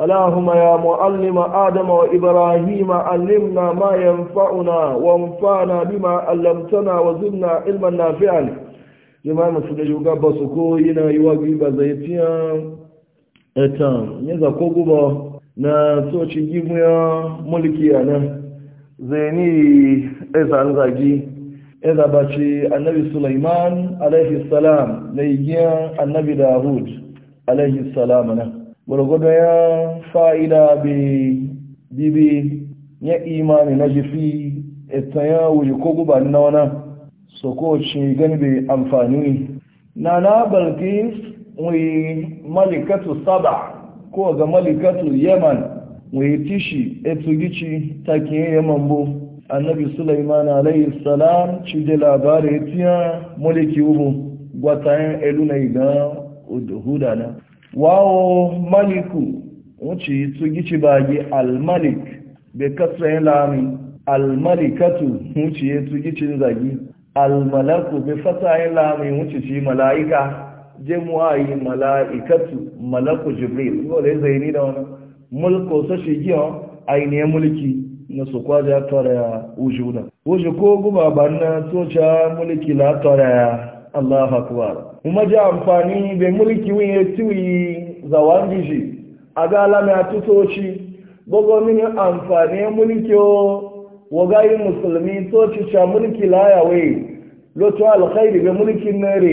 اللهم يا معلم آدم وإبراهيم علمنا ما ينفعنا وانفعنا بما علمتنا وزدنا علما نافعا جماعة مسؤولة يوغا بسوكو ينا يواغي بزيتيا etan yadda ko guba na soci gimiya mulki a nan zaini eza an zagi eza ba annabi sulaiman alaihi salam na igiyan annabi dahud alaihi salam gwargwado ya fa'ida bi bibi ya imani na jifi ita ya wuce ko guba na wana so ko ci gani amfani ne na na balkis wai malikatu saba ko ga malikatu yaman wai tishi etu gici takin yaman bu annabi sulaiman alayhi salam ci da labarai tiya mulki ubu gwatayen elu na iga huda na wawo maliku wuce tsugi ci bagi almalik bai kasra yin lami almalikatu wuce ya tsugi ci zagi almalaku bai fata yin lami wuce ci mala'ika jemuwa yi mala'ikatu malaku jibril dole zai ni da wani mulko sashi giyan ainihin mulki na su kwaja tara ya wujuda wuce ko guba ban na tsoca mulki na tara ya Allah akbar kuma ji amfani da mulki wuye tuyi za wangiji a ga alamya tutoci gbogbo mini amfani mulki wagayin musulmi toci ca mulki layawe lotu alkhairi ga mulkin nere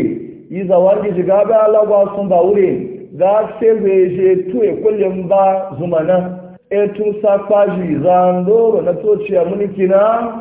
yi za wangiji ga bai alagwa sun ba wuri ga sebe je tuwe kullum ba zumana etu sakpaji zaa ndoro na toci ya mulki na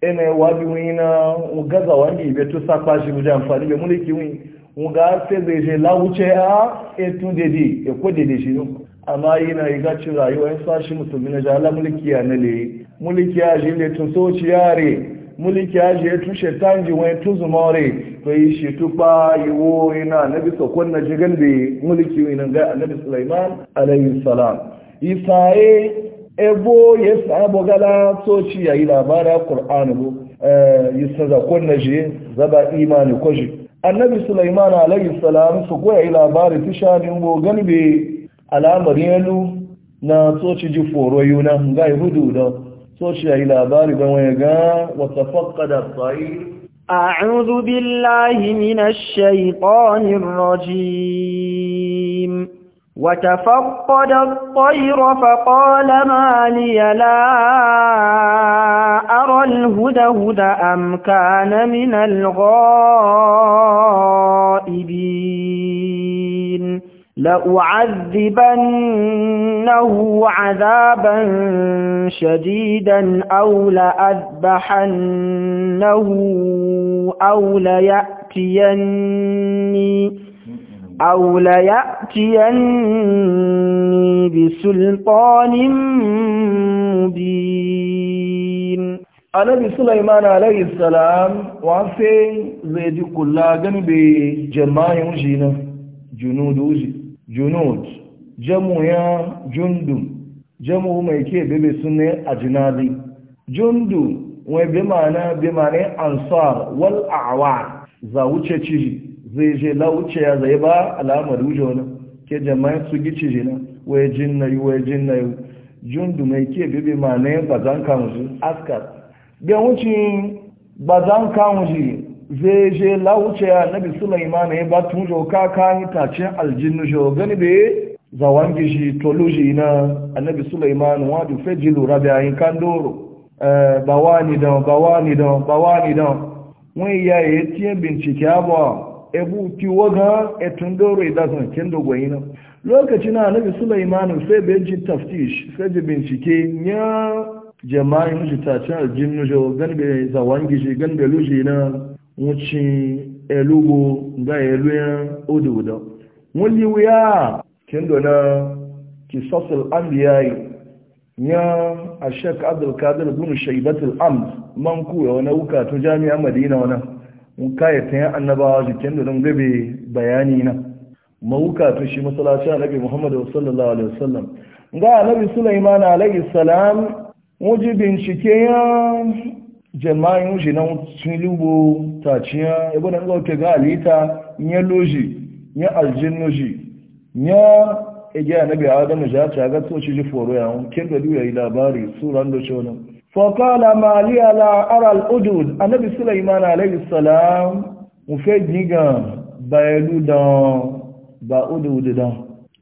ene wabi wina ugaza wangi betu sakwa jibuja amfani be muliki wi uga feze je la wuce a etu dedi e ko dedi shi no amma yana iga ci rayuwa in sashi musulmi na jala mulki ya nale mulki ya je le tun so ciyare mulki ya je tun shetan ji wani tun zumare to yi shi tupa iwo ina nabi sokon na jigan be mulki wi nan ga sulaiman alayhi salam isaye ebo ya sabo gala soci yayi labara qur'anu eh, yisa za ko naje zaba imani ko ji annabi sulaiman alayhi salam su ko yi labari tishanin bo ganbe alamar na soci ji foro yuna ga hudu da ya yayi labari da waya ga wa tafaqqada tsayi a'udhu billahi minash shaitanir rajim وتفقد الطير فقال ما لي لا أرى الهدهد أم كان من الغائبين لأعذبنه عذابا شديدا أو لأذبحنه أو ليأتيني أو ليأتيني بسلطان مبين annabi Sulaiman alayhi salam wa sai zai ji kula gani be jama'in shi nan junudu shi junud jamu ya jundu jamu mai ke bebe sunne ajnabi jundu wai bi ma'ana bi ma'ana ansar wal a'war za wuce ciji zai je lauce ya zai ba alamar wuce wani ke jama'a su gici na waye jin na yi waye jin na yi jundu mai ke bibi ma na yin bazan kanji askar biyan wuce bazan kanji zai je lauce ya nabi sulaiman yi ba tun joka ta tacin aljinnu jo gani be zawan gishi toluji na annabi sulaiman wadu fejil rabi ayin kan doro eh, ni don bawani don bawani don wani yaye tiyan bincike abuwa ebu ki waga etun doro idazan kin dogo yina lokacin na annabi Sulaiman sai benji taftish sai je bincike ya jama'i mu ta ci aljinnu jo gan be zawangi ji gan be luji na muci elugo da eluya odudo wuli wiya kin do na ki sasul anbiya ya ashak abdul kadir bin al amd man ku ya wani uka to jami'a madina wana in kayata yan annabawa jikin da don gabe bayani na mawuka to shi masalaci annabi muhammad sallallahu alaihi wasallam ga annabi sulaiman alaihi salam wuji bincike ya jama'in wuji na sun lubo taciya ibu da ngauke ga alita ya loji ya aljinnoji ya ege annabi adamu ja ta ga so shi ji foro ya kin da duya labari da ndo chonan fọ̀kọ́lá máa lé ala ara al’udud anábi sílẹ̀ ìmára aláìsàlám mú fẹ́ jígan bá ẹlú dán bá udud dán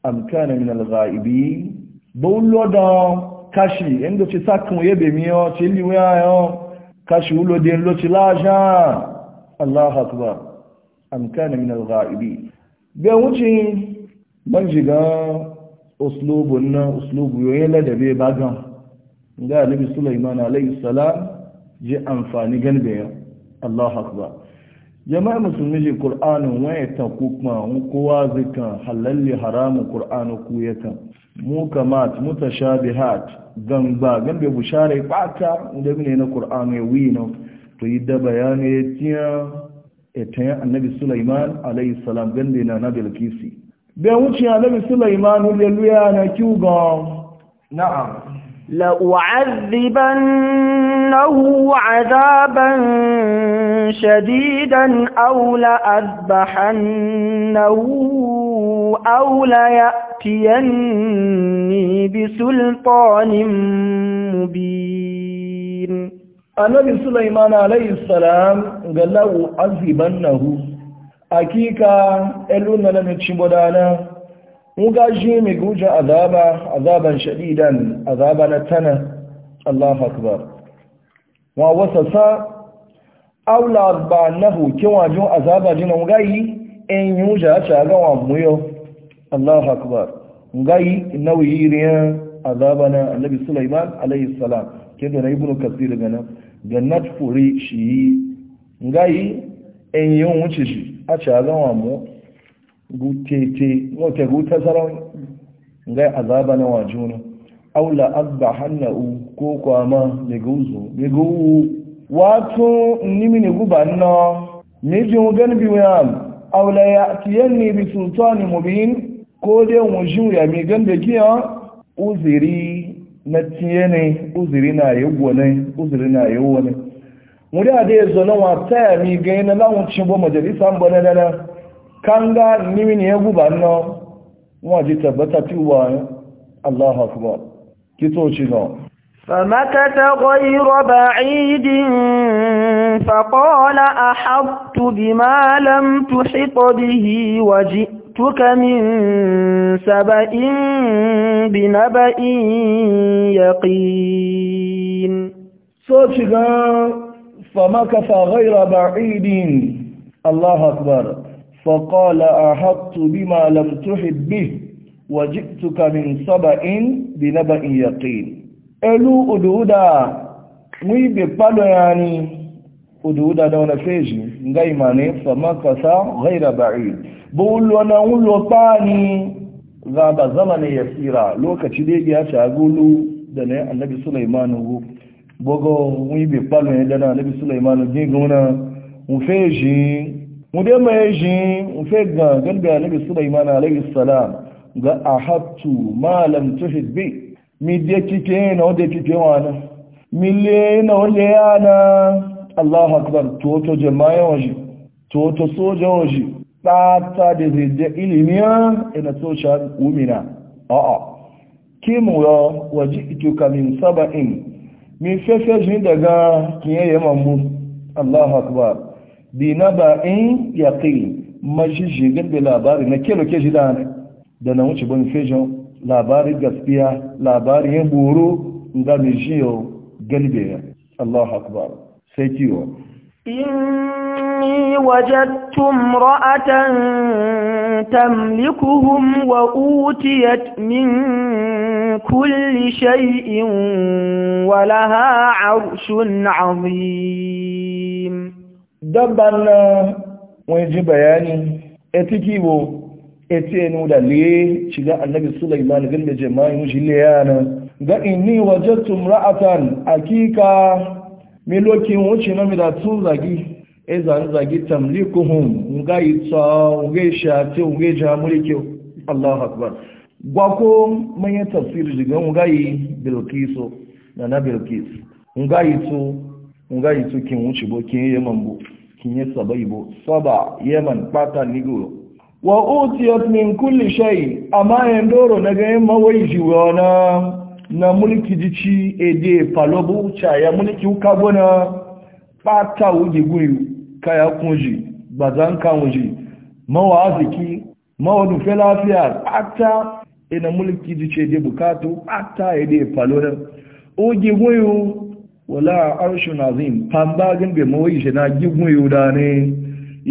amkánà ní alára ibi bó lọ dán káṣì ẹni tó ti sákùn yébè míràn tí ìlúwẹ́ ayán ga Nabi Sulaiman alayhi salam ji amfani ganbe ya Allahu akbar jama'a musulmi ji Qur'anin waye ta kuma kowa zikan halalli haramu Qur'anu ku mu kama mutashabihat gamba gambe bushare kwata da mine na Qur'an ya wino to yi da bayani tiya etayen annabi Sulaiman alayhi salam gambe na nabil kisi Bai wuce annabi Sulaiman haleluya na kiuga na'am لأعذبنه عذابا شديدا أو لأذبحنه أو ليأتيني بسلطان مبين النبي سليمان عليه السلام قال لأعذبنه أكيكا إلونا لم يتشبدانا muga ji mai gujin azaba azaban shadidan azaba na tana Allah akbar wa wasasa aula ba nahu kin wajin azaba jina yi en yuja ta ga wa muyo Allah akbar mugayi nauyi riya azaba na annabi Sulaiman alayhi salam kin da ibnu kasir gana gannat furi shi yi in yun wuce shi a ga wa mu gutete wata guta sarar Ngai, azaba na wajuna aula abba hannu ko kwama da guzu da guwu wato nimi ne guba na mijin gan biya aula ya tiyanni bi sultani mubin ko dai wujin ya mi gan da kiya uziri na tiyane uziri na yawo ne uziri na yawo ne mu da dai zo na wata ya mi ga na lawun cin bo majalisa bana na kanga nimi ne guba no won ji tabbata ti wa Allahu akbar to chi no فمكث غير بعيد فقال أحطت بما لم تحط به وجئتك من سبأ بنبأ يقين صوتك فمكث غير بعيد الله أكبر فقال أحط بما لم تحط به وجئتك من سبأ بنبأ يقين ألو أدودا ميبي قالوا يعني أدودا دون فيجي غيماني فمكث غير بعيد بقول وانا أقول وطاني غاب زمن يسيرا لو كتليجي أشاقولوا دنا النبي سليمان بوغو ميبي قالوا يعني دنا النبي سليمان جيغونا وفيجي mude mai shi fe ga galbi annabi sulaiman alayhi salam ga ahabtu ma lam tuhid bi mi de kike na wanda kike wani? mi le na wanda yana Allahu akbar to to jama'a waje to to soja waje tata da zai ilimiya ina social umina a'a mu yo waje ituka min saba'in mi fefe shi daga kiyaye mamu Allahu akbar dina ba in yaƙi mashi shigar da labari na kelo ke shi dane da na wuce bin fashion labari gaskiya labari ya buru ga mai shi yau galibe Allah akbar sai kiwo inni wajadtu imra'atan tamlikuhum wa utiyat min kulli shay'in wa laha 'arshun 'azim don ban wani ji bayani eti kiwo eti enu da liye shiga annabi sulaiman da jama'in shi liyana ga inni wajattum ra'atan akika mi lokin wuce na mi da tun zagi e zan zagi tamlikuhum nga ngayi nga shati nga jamulike Allahu akbar gwako manye tafsir jiga nga yi bilqisu na na bilqis nga itsu nga itsu kin wuce bo kin yamambo kinye sabaibo saba yaman fata nigoro wa utiyat min kulli shay amma yandoro naga yamma wai jiwana na mulki jici ede palobu cha ya mulki ukagona fata uji guyu kaya kunji bazan kanji mawa aziki mawa dufe lafiya fata ina mulki jici ede bukatu fata ede palodan uji guyu wala arshun azim pamba gan be mo yi na gigun yuda ne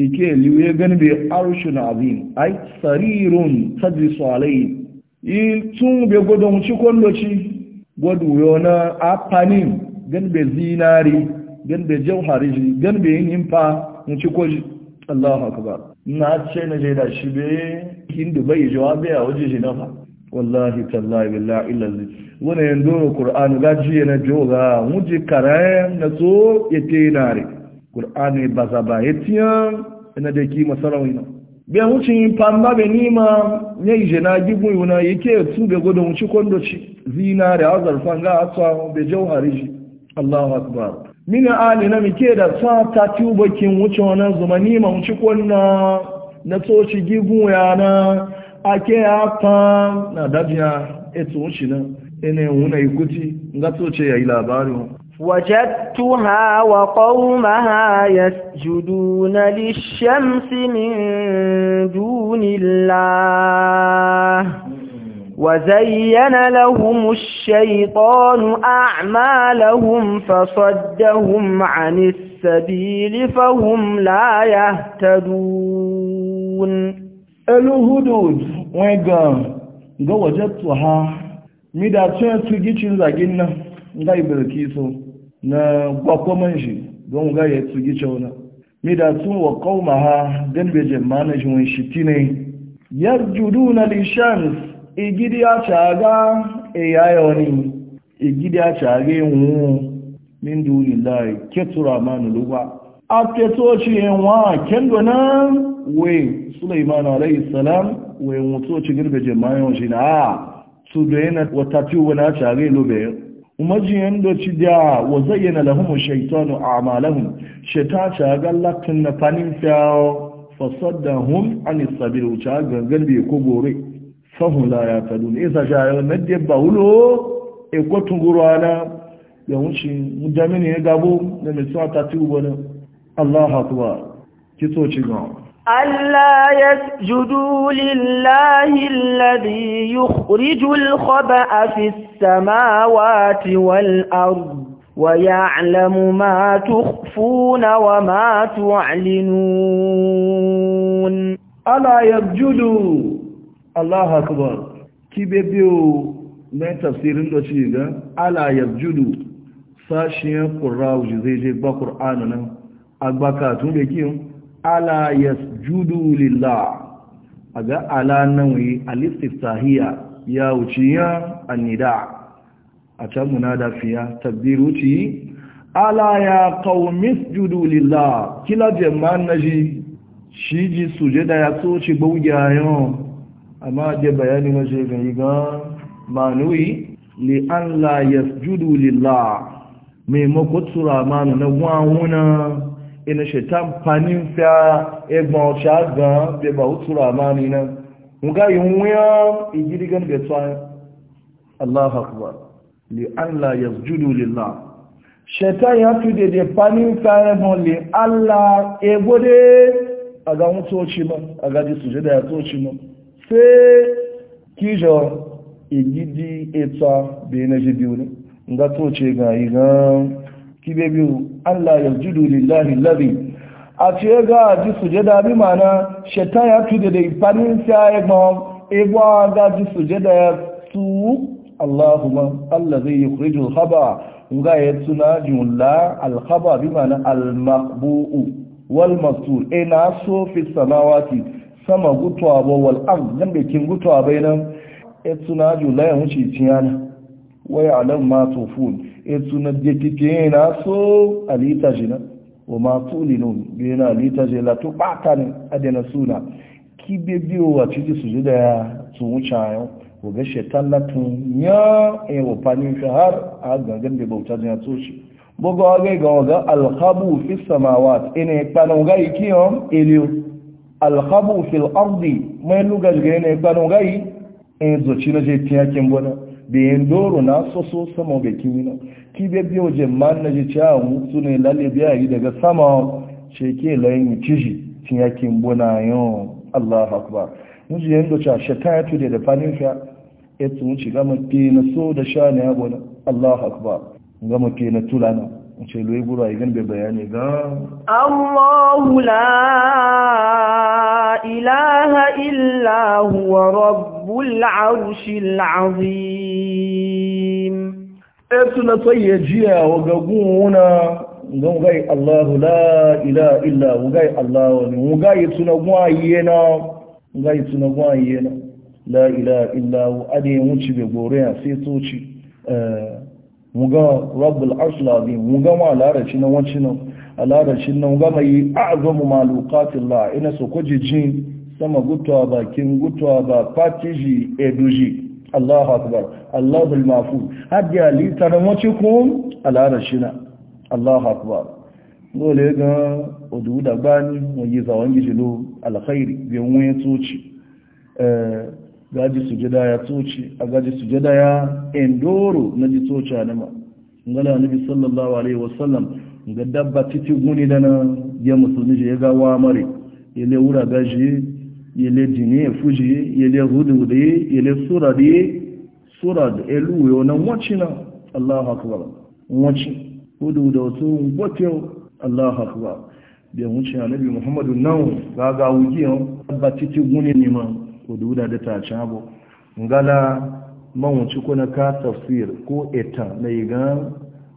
ike liwe gan be arshun azim ai sarirun tajlisu alayhi il tun be godon ci kolloci godu yona apanin gan be zinari gan be jawhariji gan be nimfa mu ci koji Allahu akbar na ce na je da shi be hindu bai jawabi a waje shi na fa wallahi tallahi billahi illallah wani yan doro qur'anu ga ji na joga muji karayen na so yake nare qur'ani baza ba yatiyan ina da ki masarawina bi an wucin pamba be nima ne je na gibu yuna yake su be godo wuci kondo ci zinare azar ga aswa be jawhari ji Allahu akbar mina ali na mike da sa ta tuba kin wuce wannan zuma nima ci konna na so shi gibu yana ake ya fan na dajiya etu wuce nan ina wuna ikuti ga toce ya yi labarin وجدتها وقومها يسجدون للشمس من دون الله وزين لهم الشيطان أعمالهم فصدهم عن السبيل فهم لا يهتدون elu hudud nwega ga wajettu ha mida tun gichin zagin na ga ibirki so na gwakwaman shi don ga ya tugi cewa mida tun wa kauma ha don bejin manajin wani shiti ne yarjudu na lishans igidi a caga e yaya wani igidi a caga yin e min dunillahi ketura manu luba a ketoci yin e wa kendo nan wen Sulaiman alayhi salam wen mutu ci girbe jama'a shi na ah, su da yana wata wani na tare lobe umarci da ci da wa zayyana lahum shaytanu a'malahum shaytan ta ga latin na fanin fiyawo hun, an sabil ta gangan bai ko gore Sahun la ya ta duni isa shayo nadde bawulo e ko na. ya wuce mujamini ya gabo da mai tsata tiwo na Allah ki so ci gawa Allah ya judu lillahi lalazi yi rijul khoba a fi samawa ti wal abu wa ya alamu matu funa wa matu alinun. Alla ya judu, Allah haƙuwa, ki bebiyo mai tafsirin da ce ga, Alla ya judu, sashen ƙurra wuce zai je ba ƙur'anunan agbaka tun da kiyon. ala yasjudu lillah aga ala nawi alistiftahiyya ya wuciya annida a can muna fiya tabbiru wuce. ala ya qaumis judu lillah kila jama'an naji shi ji sujada ya so ci bauyayon amma da bayani na je gari ga manuyi li an la yasjudu lillah maimakon tsura na wawuna ina shaitan panin fiya egbon ọ̀ṣà gan bẹba ó túnra máa ní iná nga yi wíyán ìgírígan bẹ̀tọ́ allah akbar lè allah ya jùlù lílá shaitan ya tún dèdè panin fiya egbon lè allah egbode aga ń tó ṣe mọ́ aga jí da tó ṣe mọ́ fẹ́ kíjọ ìgídí ètò bẹ̀ẹ́nẹ́jẹ́ kibe biyu Allah ya judu lillahi lazi a ce ga ji sujada bi mana shata ya tude da ifanin sa ya ga ebo ga ji sujada ya su Allahumma allazi yukhrijul khaba ga ya tuna jumla al khaba bi mana al maqbu wal masur ina e so fi samawati sama gutuwa ba wal ard dan kin gutwa nan ya e tuna jumla ya huci tiyana wa ya'lam ma tufun etu na dekike na so alita shi na wa ma tuli nun bi na alita je la tu pata ne adena suna ki be bi o ati ji su da ya tun wuce ayo ko ga shetan la tun ya e wo pani shi har a gangan da bauta ne to shi bogo ga ga ga e al khabu fi samawat ene panu ga ikiyo elio Alhabu khabu fil ardi mai e lugal ga ne panu ga e, e zo ci na je tiyakin bona yin doro na soso sama ga kimina kibe biyo jemman na ji a mutu ne lalle biya yi daga sama ce ke layin ciji cin yakin buna yau Allah akbar yin yanda a da fanin fiya etu wuce gama ke na so da sha ne abuna Allah akbar gama ke na tulana ce lo egwuru a igan bai bayani ga ah. Allahu la ilaha illahu wa rabbul arshil azim Etu na tsaye jiya wa gagun wuna don gai Allahu la ilaha illa gai Allahu ne mu gai tuna gwaye na gai tuna gwaye na la ilaha illa hu ade mu ci ya sai toci eh muga rabbul arshil azim muga ma larabci nan wancin nan a larabcin nan muga mai a'zamu maluqatillah ina so kujiji sama gutwa bakin gutwa ba patiji eduji Allahu akbar Allahul mafu hadiya li taramace ku a larabcin na, Allahu akbar dole ga odu da bani wani yi zawon gijilo alkhairi bi wani tsoci eh, gaji sujada ya tsoci a gaji sujada ya endoro na ji tsoci a nama ngala bi sallallahu alaihi wasallam ga dabba titi guni da na ya musulmi je ya ga wa mare ile wura gaji ile dini ya fuji ile hudu da ile sura da sura da elu yo na wacce na Allahu akbar wacce hudu da wasu wacce Allahu akbar bi wuce na bi Muhammadu nan ga ga wuji dabba titi guni ne ma ududa da ta cabo ngala mawuci kuna ka tafsir ko eta na yiga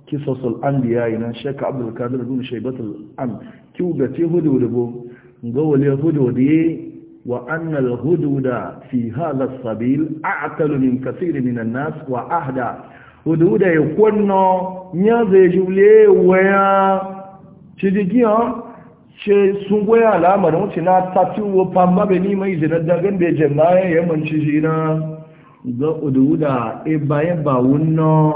kisasul anbiya ina shek abdul kadir bin shaybatul am kiu da ce hudu da bo ga wali hudu da yi wa anna al da fi hadha sabil a'talu min kathir min an nas wa ahda hududa yakunno nya zai jule waya cidigi ce sun goya alamar wuce na tafi wofa mabe ni mai zinar dagan da jen na ya manci shi na ga udu da e bayan ba wunna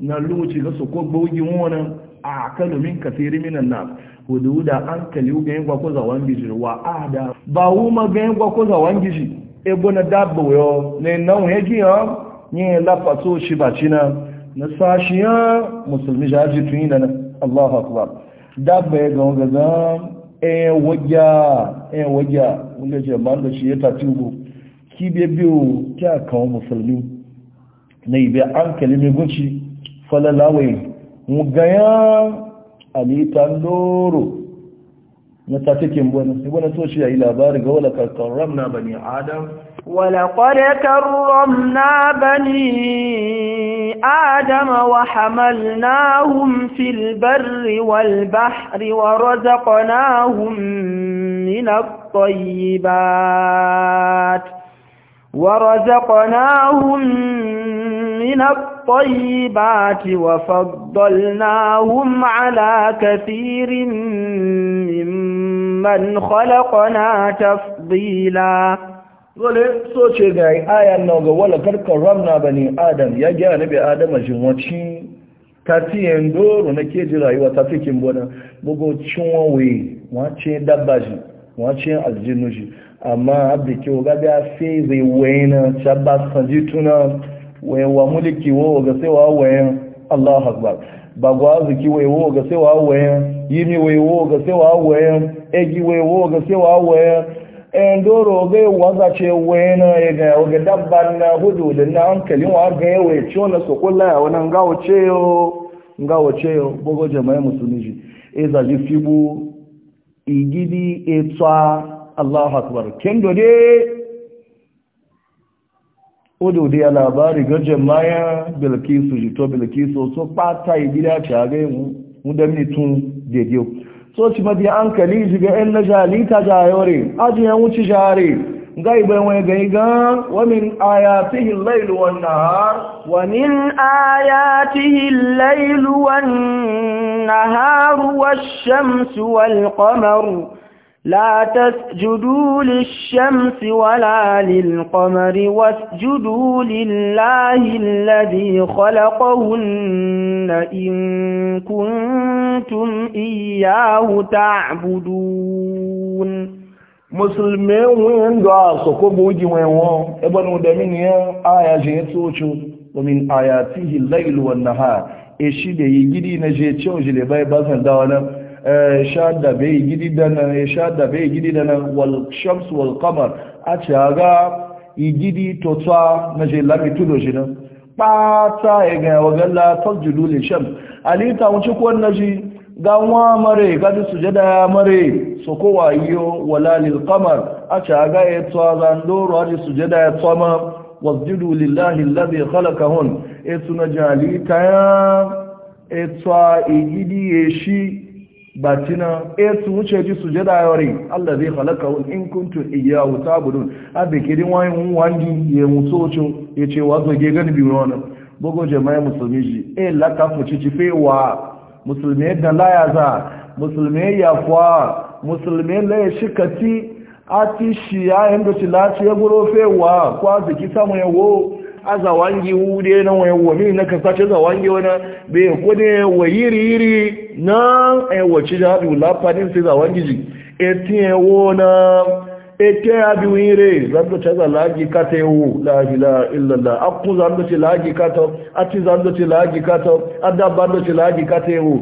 na lokaci ga su ko gbogin wani a kanu min kafiri minan na udu da an kali ga yin gwakwa za wani gishi wa a da ba wu ma ga yin gwakwa za wani gishi e bona dabba wuyo ne nan ya ji ya ni lafa shi ba ci na na sashiya musulmi jaji tuni na Allahu akbar dabba ya ga wanga zan ɗayan eh, wajya ɗayan eh, wajya wanda ce ba da shi ya tafi ugu ki biya biyu kya kawo musulmi na ibe an kalimi gunci falalawai mugayen alitan loro na tafikin wani ibonin shi ya yi labari ga wala karkar ramna bani adam ولقد كرمنا بني آدم وحملناهم في البر والبحر ورزقناهم من الطيبات ورزقناهم من الطيبات وفضلناهم على كثير ممن خلقنا تفضيلاً dole so ce ga ayan na ga wala karkar ramna bani adam ya gya nabi adama jin wace ta tiye doro na keji rayuwa ta fikin bona bugo cinwawe wace dabba ji wace aljinu ji amma abdi ke ga ga sai zai na shabba sanji tuna wa mulki wo ga sai wa wayen allah akbar bagwa ziki wayewo ga sai wa wayen yimi wayewo ga sai wa wayen egi wayewo ga sai wa wayen ndoro ga waza ce wena ga ga dabban na hudu da na hankali wa ga yawe ciwo na sokola wannan gawo ceyo gawo ceyo bogo jama'a musulmi e za ji fibu igidi etwa Allahu akbar de odo de ga jama'a bilkisu bilkisu so pata igida ta ga mu mu da tun so ci mabi hankali jiga yan na jali ta jayore ajiyan wuce jare gai bai wani gai ga wamin ayatihi lailu wan nahar wamin ayatihi lailu wan nahar wash-shamsu wal qamar لا تسجدوا للشمس ولا للقمر واسجدوا لله الذي خلقهن إن كنتم إياه تعبدون musulmi wọn da soko bogi wọn ebonu da min yan aya je tsocho domin ayatihi al-layl wan nahar e shi da yi gidi na je cewa jile bai bazan da wannan Eh, shada bai gidi dana eh, shada gidi dana wal shams wal kamar a ce ga igidi to tsa na je lamitulo jina ba ta e ga wagalla tasjudu lil shams ali ta wuce ko naji ga wa mare ga su sujada mare so ko wayo wala lil qamar a ce ga e tsa zan doro a sujada ya tsama wasjudu lillahi alladhi khalaqahun e suna jali ta ya e tsa igidi e shi batina etu eh, wuce ji sujada yawari Allah zai halaka wani in kuntun iya wuta budun a bikirin wayan wani ya mutu wucin ya ce wa zoge gani biyu wani bugu jama'i musulmi ji e eh, fuci ci fe wa musulmi yadda laya za musulmi ya kwa musulmi laye shikati a ti shi ya ci lati ya guro wa kwa ziki samu wo. aza wangi wude na waye wami na kasace za wangi wana be kone wayiri yiri na e wace da bi lafanin sai za wangi ji etie wona E ete abi wire zando chaza laji kate wu la ilaha illa allah akku zando ci laji kato ati zando ci laji kato adda bando ci laji kate wu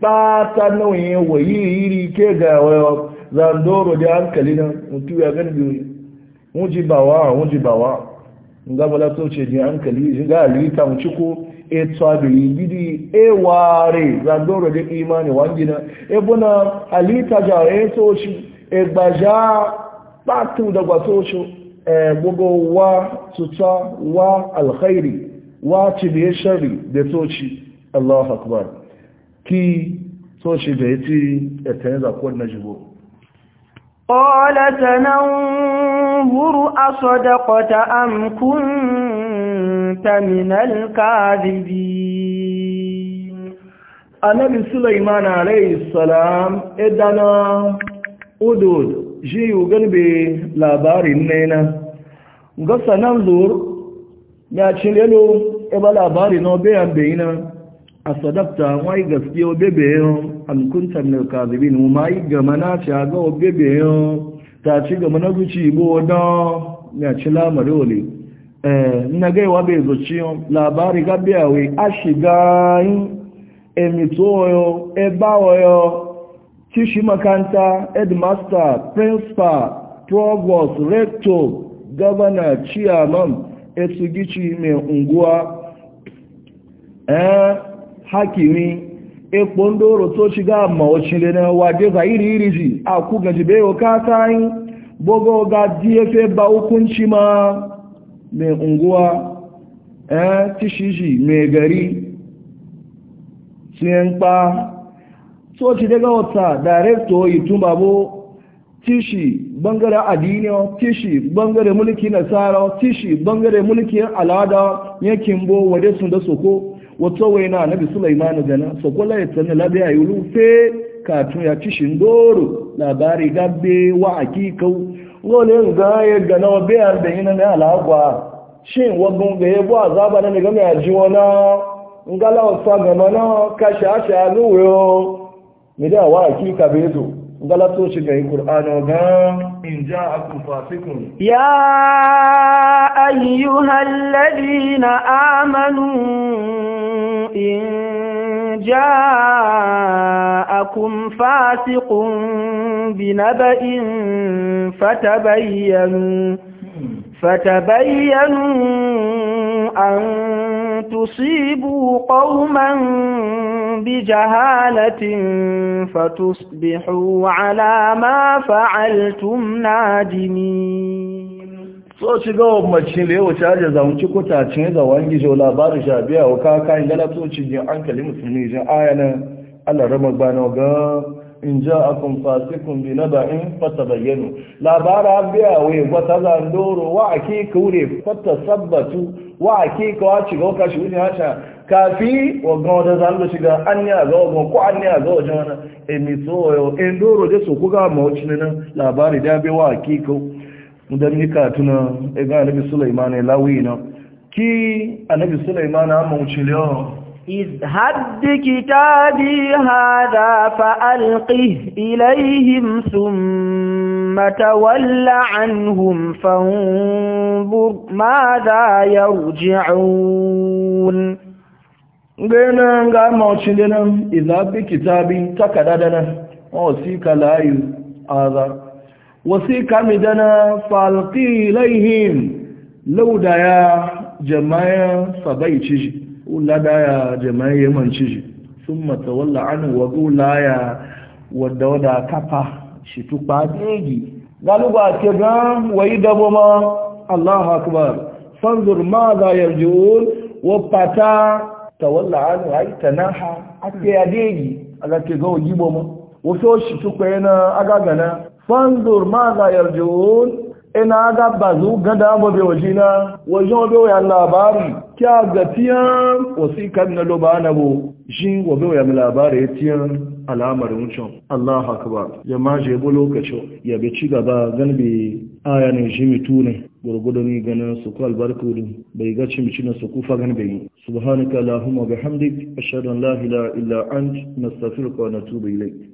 ba ta nauyin e wayiri iri ke ga wayo zandoro da hankali na mutu ya gani biyu mujibawa mujibawa nga bala to ce ji hankali ga ta mu ciko e tsabiri bidi e ware za doro da imani wangina e buna alita ja e so shi e gbaja patu da gwa so shi e gogo wa tuta wa alkhairi wa be shari da so shi Allahu akbar ki so shi da ti e tanza ko na jibo قال سننظر أصدقت أم كنت من الكاذبين النبي سليمان عليه السلام إدنا أدود jiyu galbe labarin nena ga sanan zur ya cilelo eba labari na obe yan bayina a sadakta wai gaske obe an kunta kazibi ne mu yi gama na ci ga obebe yo ta ci gama na zuci bo ya ci lamari ole na wa be zo labari ga be wai a shiga yin emitoyo ebawoyo ci shi makanta headmaster principal provost rector governor chairman gici mai unguwa eh hakimi ekpo ndị oro tochiga ma ochile na iri iri ji akwụ gajibe okata anyị bogo ga di efe ba hukunci ma mai unguwa eh tishiji me gari tiye mkpa tochi daga wata darekto itumba bu tishi bangare adiniyo tishi bangare mulki nasara tishi bangare mulki al'ada nye kimbo wade sun da soko wato wai na nabi sulaiman gana sokola ya tsanna labiya yulu fe katun ya ci shindoro labari gabbe wa akikau wole ga ya gana wa bayar yana na alagwa shin wagun ga yabo azaba na ne game aji gama na kashi wa ga ga ya ayyuhal ladina amanu إن جاءكم فاسق بنبأ فتبينوا فتبينوا أن تصيبوا قوما بجهالة فتصبحوا على ما فعلتم نادمين so ci ga mamacin da yawa caje zamunci kutacin da wangi jo labarin shabiya wa kaka in gala to ci jin kalli musulmi jin aya nan Allah rama gbana ga in ja ja'akum fasiqun bi naba'in fatabayyanu labara biya wa wata zan doro wa akika wure fatasabbatu wa akika wa ci ga ka shi wuni hata kafi wa ga wata zan do shiga anya ga wa ko anya ga wa jana emi so yo en doro je so kuga mawcin nan labari da biya wa akika don nika tuna e ga anabi Sulaiman ya lawi na ki anabi Sulaiman amma wuce lewa izhad bi kitabi hada fa alqih ilayhim thumma tawalla anhum fanzur madha yarji'un gana ga amma wuce lewa izhad bi kitabi takadadana wa sika layu azar Wasi kami dana falki laihim laudaya jama'a sabai ciji ladaya jama'a yaman ciji sun matsawalla an wago laya wadda wadda kafa shi tukpa ɗegi galiba ke ga wayi dabo ma allah akbar san zurma za yarjiun wapata tawalla an wayi ta naha ake ya ɗegi a ga ke gawo gibo ma wasu shi tukpa yana agagana fanzur ma za yarjun ina ga bazu gada mu wajina wajen be wayan labari kya ga tiyan wasikan na lobana bo shin wa be wayan ya tiyan alamar wucin Allah akbar jama'a je bo lokaci ya be ci gaba ganbe aya ne shi mitu ne gurgudun ganin su ku albarkurin bai ga ci mici na su kufa gan bai subhanaka lahumma bihamdik ashhadu an la ilaha illa ant nastaghfiruka wa natubu ilayk